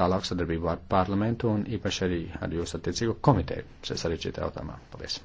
tālāk sadarbībā ar parlamentu un īpaši arī ar jūsu attiecīgo komiteju šajā sarežģītā jautājumā. Paldies!